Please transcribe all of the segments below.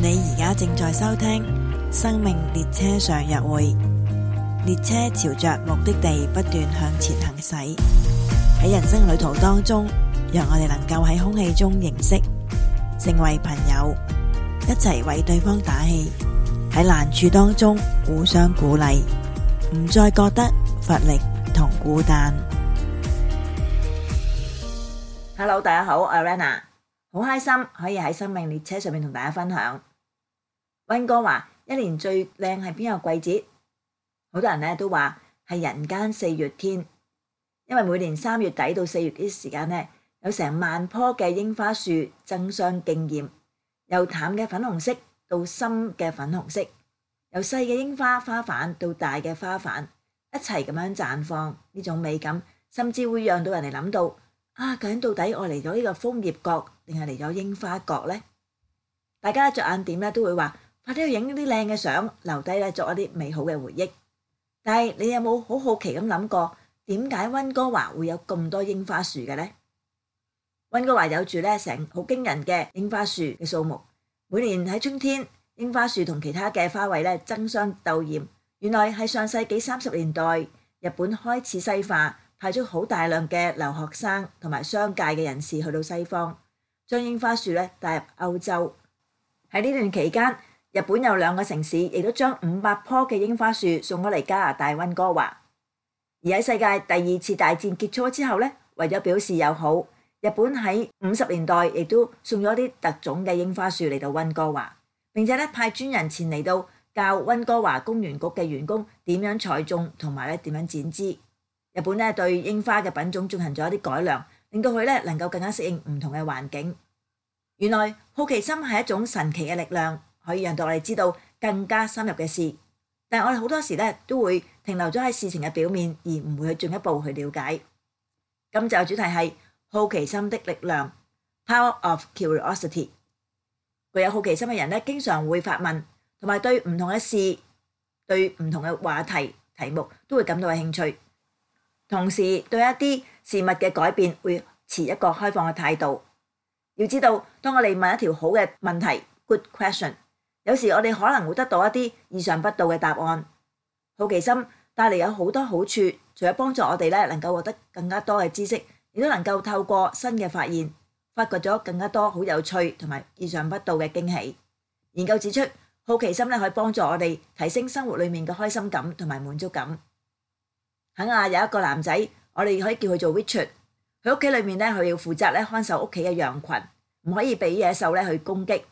你而家正在收聽《生命列車上約會》，列車朝着目的地不斷向前行駛。喺人生旅途當中，讓我哋能夠喺空氣中認識，成為朋友，一齊為對方打氣。喺難處當中互相鼓勵，唔再覺得乏力同孤單。Hello，大家好，我係 Rana，好開心可以喺生命列車上面同大家分享。溫哥華：一年最靚係邊個季節？好多人咧都話係人間四月天，因為每年三月底到四月啲時間呢，有成萬棵嘅櫻花樹爭相競艷，由淡嘅粉紅色到深嘅粉紅色，由細嘅櫻花花瓣到大嘅花瓣，一齊咁樣綻放，呢種美感，甚至會讓人想到，人哋諗到啊！究竟到底我嚟咗呢個楓葉國定係嚟咗櫻花國呢？」大家着眼點咧都會話。我都要影啲靚嘅相，留低咧作一啲美好嘅回憶。但係你有冇好好奇咁諗過，點解温哥華會有咁多櫻花樹嘅咧？温哥華有住咧成好驚人嘅櫻花樹嘅數目。每年喺春天，櫻花樹同其他嘅花卉咧爭相鬥艷。原來係上世紀三十年代，日本開始西化，派出好大量嘅留學生同埋商界嘅人士去到西方，將櫻花樹咧帶入歐洲。喺呢段期間。日本有兩個城市亦都將五百棵嘅櫻花樹送咗嚟加拿大温哥華，而喺世界第二次大戰結束咗之後咧，為咗表示友好，日本喺五十年代亦都送咗啲特種嘅櫻花樹嚟到温哥華，並且咧派專人前嚟到教温哥華公園局嘅員工點樣栽種同埋咧點樣剪枝。日本咧對櫻花嘅品種進行咗一啲改良，令到佢咧能夠更加適應唔同嘅環境。原來好奇心係一種神奇嘅力量。可以讓到我哋知道更加深入嘅事，但係我哋好多時咧都會停留咗喺事情嘅表面，而唔會去進一步去了解。今集嘅主題係好奇心的力量 （Power of Curiosity）。具有好奇心嘅人咧，經常會發問，同埋對唔同嘅事、對唔同嘅話題、題目都會感到有興趣。同時，對一啲事物嘅改變會持一個開放嘅態度。要知道，當我哋問一條好嘅問題 （Good question）。有時我哋可能會得到一啲意想不到嘅答案。好奇心帶嚟有好多好處，除咗幫助我哋咧能夠獲得更加多嘅知識，亦都能夠透過新嘅發現，發掘咗更加多好有趣同埋意想不到嘅驚喜。研究指出，好奇心咧可以幫助我哋提升生活裏面嘅開心感同埋滿足感。肯亞有一個男仔，我哋可以叫佢做 Richard，佢屋企裏面咧，佢要負責咧看守屋企嘅羊群，唔可以俾野獸咧去攻擊。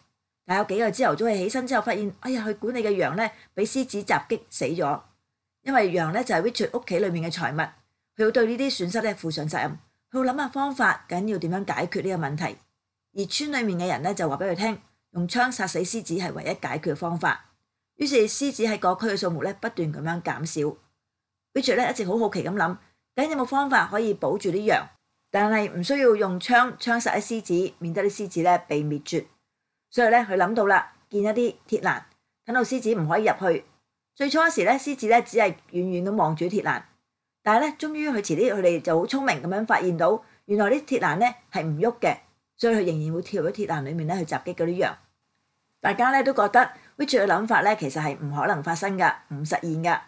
但有幾個朝頭早，佢起身之後發現，哎呀，佢管理嘅羊咧，俾獅子襲擊死咗。因為羊咧就係 Richard 屋企裏面嘅財物，佢要對呢啲損失咧負上責任，佢要諗下方法，緊要點樣解決呢個問題。而村裏面嘅人咧就話俾佢聽，用槍殺死獅子係唯一解決方法。於是獅子喺個區嘅數目咧不斷咁樣減少。Richard 咧一直好好奇咁諗，緊有冇方法可以保住啲羊，但係唔需要用槍槍殺啲獅子，免得啲獅子咧被滅絕。所以咧，佢諗到啦，建一啲鐵欄，等到獅子唔可以入去。最初嗰時咧，獅子咧只係遠遠咁望住鐵欄，但係咧，終於佢遲啲，佢哋就好聰明咁樣發現到，原來啲鐵欄咧係唔喐嘅，所以佢仍然會跳喺鐵欄裏面咧去襲擊嗰啲羊。大家咧都覺得 Richard 嘅諗法咧，其實係唔可能發生噶，唔實現噶。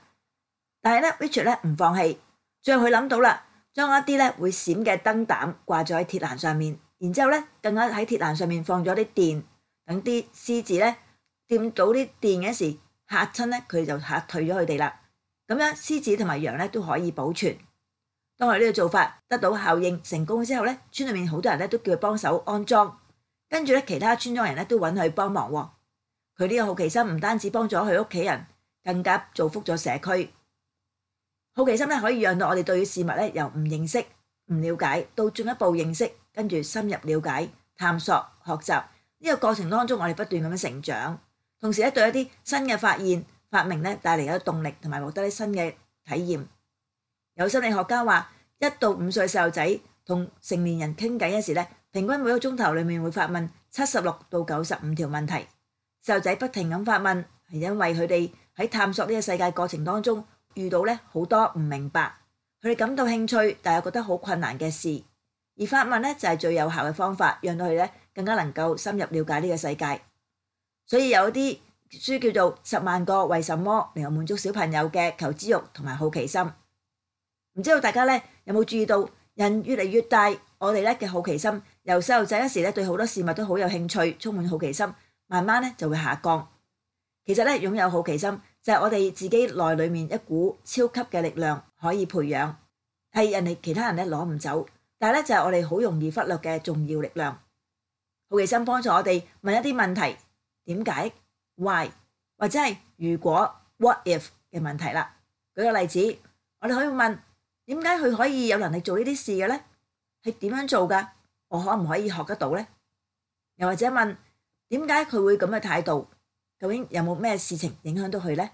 但係咧 Richard 咧唔放棄，最後佢諗到啦，將一啲咧會閃嘅燈膽掛咗喺鐵欄上面，然之後咧更加喺鐵欄上面放咗啲電。等啲獅子咧掂到啲電嘅時嚇親咧，佢就嚇退咗佢哋啦。咁樣獅子同埋羊咧都可以保存。當佢呢個做法得到效應成功之後咧，村裏面好多人咧都叫佢幫手安裝，跟住咧其他村莊人咧都搵佢幫忙。佢呢個好奇心唔單止幫助佢屋企人，更加造福咗社區。好奇心咧可以讓到我哋對於事物咧由唔認識、唔了解到進一步認識，跟住深入了解、探索、學習。呢個過程當中，我哋不斷咁樣成長，同時咧對一啲新嘅發現、發明咧帶嚟咗動力，同埋獲得啲新嘅體驗。有心理學家話，一到五歲細路仔同成年人傾偈嘅時咧，平均每個鐘頭裡面會發問七十六到九十五條問題。細路仔不停咁發問，係因為佢哋喺探索呢個世界過程當中遇到咧好多唔明白，佢哋感到興趣，但又覺得好困難嘅事。而發問呢，就係最有效嘅方法，讓到佢哋，更加能夠深入瞭解呢個世界，所以有啲書叫做《十萬個為什麼》，嚟到滿足小朋友嘅求知慾同埋好奇心。唔知道大家咧有冇注意到，人越嚟越大，我哋咧嘅好奇心由細路仔嗰時咧對好多事物都好有興趣，充滿好奇心，慢慢咧就會下降。其實咧擁有好奇心就係我哋自己內裏面一股超級嘅力量，可以培養，係人哋其他人咧攞唔走，但係咧就係我哋好容易忽略嘅重要力量。好奇心幫助我哋問一啲問題，點解？Why？或者係如果 What if 嘅問題啦。舉個例子，我哋可以問：點解佢可以有能力做呢啲事嘅咧？係點樣做噶？我可唔可以學得到咧？又或者問：點解佢會咁嘅態度？究竟有冇咩事情影響到佢咧？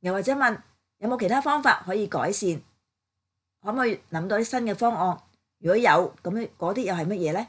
又或者問：有冇其他方法可以改善？可唔可以諗到啲新嘅方案？如果有，咁嗰啲又係乜嘢咧？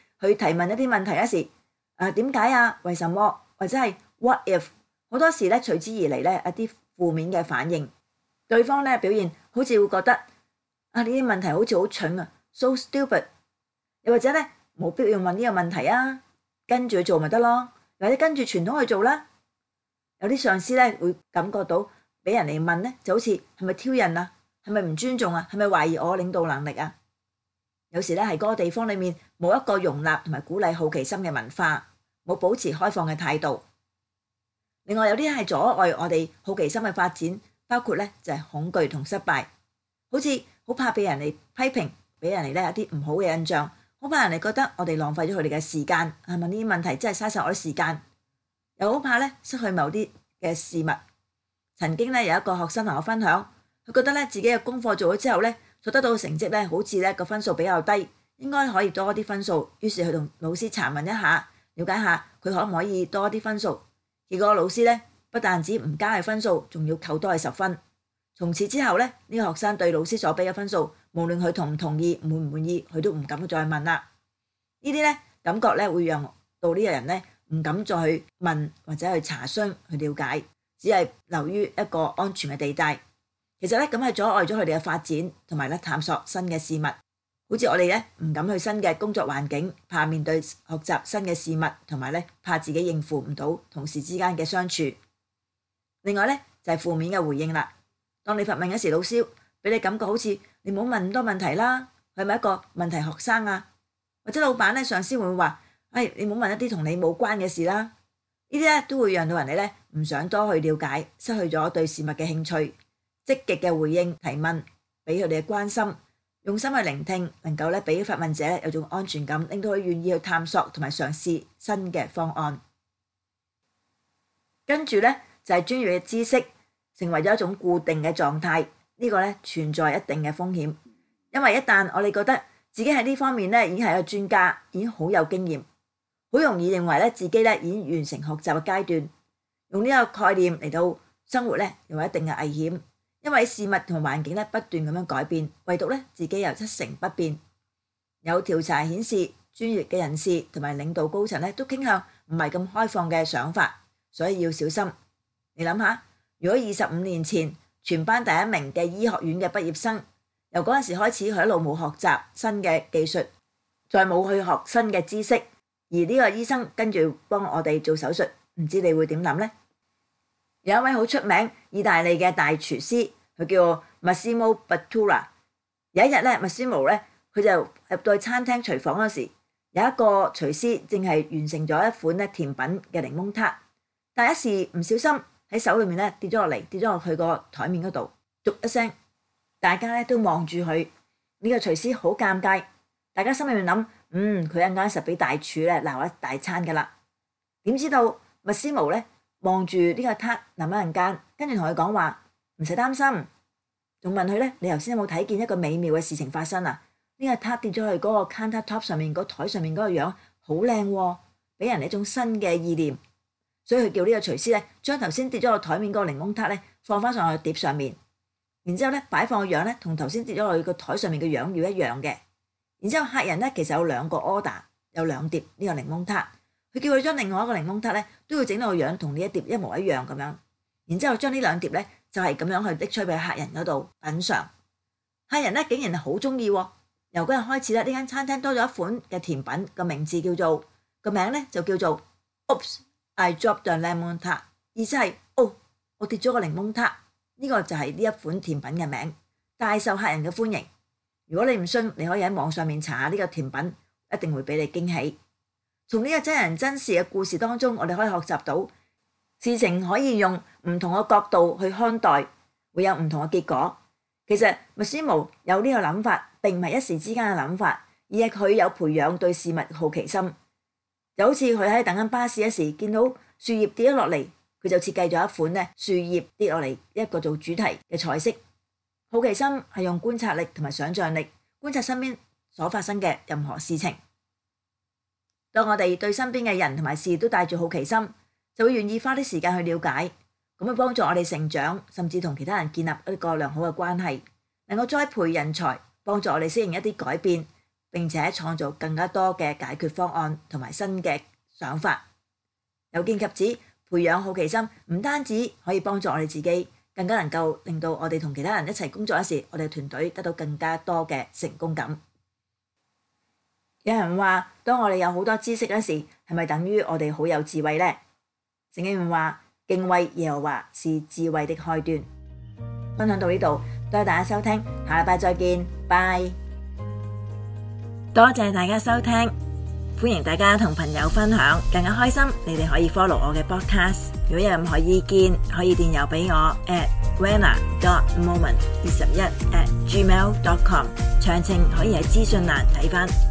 去提問一啲問題嗰時，啊點解啊？為什麼？或者係 what if？好多時咧，隨之而嚟咧一啲負面嘅反應，對方咧表現好似會覺得啊呢啲問題好似好蠢啊，so stupid，又或者咧冇必要問呢個問題啊，跟住做咪得咯，或者跟住傳統去做啦。有啲上司咧會感覺到俾人哋問咧，就好似係咪挑釁啊？係咪唔尊重啊？係咪懷疑我領導能力啊？有時咧喺嗰個地方裡面。冇一個容納同埋鼓勵好奇心嘅文化，冇保持開放嘅態度。另外有啲係阻礙我哋好奇心嘅發展，包括咧就係恐懼同失敗。好似好怕俾人哋批評，俾人哋咧有啲唔好嘅印象，好怕人哋覺得我哋浪費咗佢哋嘅時間，係咪呢啲問題真係嘥晒我啲時間？又好怕咧失去某啲嘅事物。曾經咧有一個學生同我分享，佢覺得咧自己嘅功課做咗之後咧，佢得到嘅成績咧，好似咧個分數比較低。應該可以多啲分數，於是去同老師查問一下，了解下佢可唔可以多啲分數。結果老師呢，不但止唔加係分數，仲要扣多係十分。從此之後呢，呢，呢個學生對老師所俾嘅分數，無論佢同唔同意、滿唔滿意，佢都唔敢再問啦。呢啲呢感覺咧會讓到呢個人呢，唔敢再去問或者去查詢去了解，只係留於一個安全嘅地帶。其實咧咁係阻礙咗佢哋嘅發展同埋咧探索新嘅事物。好似我哋咧唔敢去新嘅工作環境，怕面對學習新嘅事物，同埋咧怕自己應付唔到同事之間嘅相處。另外咧就係負面嘅回應啦。當你發問嗰時，老師俾你感覺好似你唔好問咁多問題啦，係咪一個問題學生啊？或者老闆咧、上司會話：哎，你唔好問一啲同你冇關嘅事啦。呢啲咧都會讓到人哋咧唔想多去了解，失去咗對事物嘅興趣。積極嘅回應、提問，俾佢哋嘅關心。用心去聆聽，能夠咧俾發問者有種安全感，令到佢願意去探索同埋嘗試新嘅方案。跟住咧就係專業嘅知識成為咗一種固定嘅狀態，呢個咧存在一定嘅風險。因為一旦我哋覺得自己喺呢方面咧已經係一個專家，已經好有經驗，好容易認為咧自己咧已經完成學習嘅階段，用呢個概念嚟到生活咧，又有一定嘅危險。因為事物同環境咧不斷咁樣改變，唯獨咧自己又一成不變。有調查顯示，專業嘅人士同埋領導高層咧都傾向唔係咁開放嘅想法，所以要小心。你諗下，如果二十五年前全班第一名嘅醫學院嘅畢業生，由嗰陣時開始佢一路冇學習新嘅技術，再冇去學新嘅知識，而呢個醫生跟住幫我哋做手術，唔知你會點諗呢？有一位好出名意大利嘅大廚師，佢叫麥斯穆柏圖拉。有一日咧，麥斯穆咧佢就入到去餐廳廚房嗰陣時，有一個廚師正係完成咗一款咧甜品嘅檸檬塔，但一時唔小心喺手裏面咧跌咗落嚟，跌咗落去個台面嗰度，嘟一聲，大家咧都望住佢。呢個廚師好尷尬，大家心裏面諗：嗯，佢一間實俾大廚咧鬧一大餐噶啦。點知道麥斯穆咧？望住呢個撻，諗一陣間，跟住同佢講話，唔使擔心。仲問佢咧，你頭先有冇睇見一個美妙嘅事情發生啊？呢、這個撻跌咗去嗰個 countertop 上面，嗰台上面嗰個樣好靚喎，俾、哦、人一種新嘅意念。所以佢叫呢個廚師咧，將頭先跌咗個台面嗰個檸檬撻咧，放翻上去碟上面。然之後咧，擺放個樣咧，同頭先跌咗落個台上面嘅樣要一樣嘅。然之後客人咧，其實有兩個 order，有兩碟呢、這個檸檬撻。佢叫佢將另外一個檸檬塔咧，都要整到個樣同呢一碟一模一樣咁樣，然之後將呢兩碟咧就係咁樣去滴出俾客人嗰度品嚐。客人咧，竟然係好中意，由嗰日開始啦，呢間餐廳多咗一款嘅甜品，個名字叫做個名咧就叫做 Oops, I dropped a lemon tart。意思係哦，我跌咗個檸檬塔。呢個就係呢一款甜品嘅名，大受客人嘅歡迎。如果你唔信，你可以喺網上面查下呢個甜品，一定會俾你驚喜。從呢個真人真事嘅故事當中，我哋可以學習到事情可以用唔同嘅角度去看待，會有唔同嘅結果。其實麥斯慕有呢個諗法，並唔係一時之間嘅諗法，而係佢有培養對事物好奇心。就好似佢喺等緊巴士一時，見到樹葉跌咗落嚟，佢就設計咗一款咧，樹葉跌落嚟一個做主題嘅彩色。好奇心係用觀察力同埋想象力觀察身邊所發生嘅任何事情。當我哋對身邊嘅人同埋事都帶住好奇心，就會願意花啲時間去了解，咁去幫助我哋成長，甚至同其他人建立一個良好嘅關係，能夠栽培人才，幫助我哋適應一啲改變，並且創造更加多嘅解決方案同埋新嘅想法。有見及此，培養好奇心唔單止可以幫助我哋自己，更加能夠令到我哋同其他人一齊工作嗰時，我哋嘅團隊得到更加多嘅成功感。有人話：當我哋有好多知識嗰時，係咪等於我哋好有智慧呢？聖經話敬畏耶和華是智慧的開端。分享到呢度，多謝大家收聽，下禮拜再見，Bye。多謝大家收聽，歡迎大家同朋友分享，更加開心。你哋可以 follow 我嘅 podcast。如果有任何意見，可以電郵俾我 at wenna dot moment 二十一 at gmail dot com。詳情可以喺資訊欄睇返。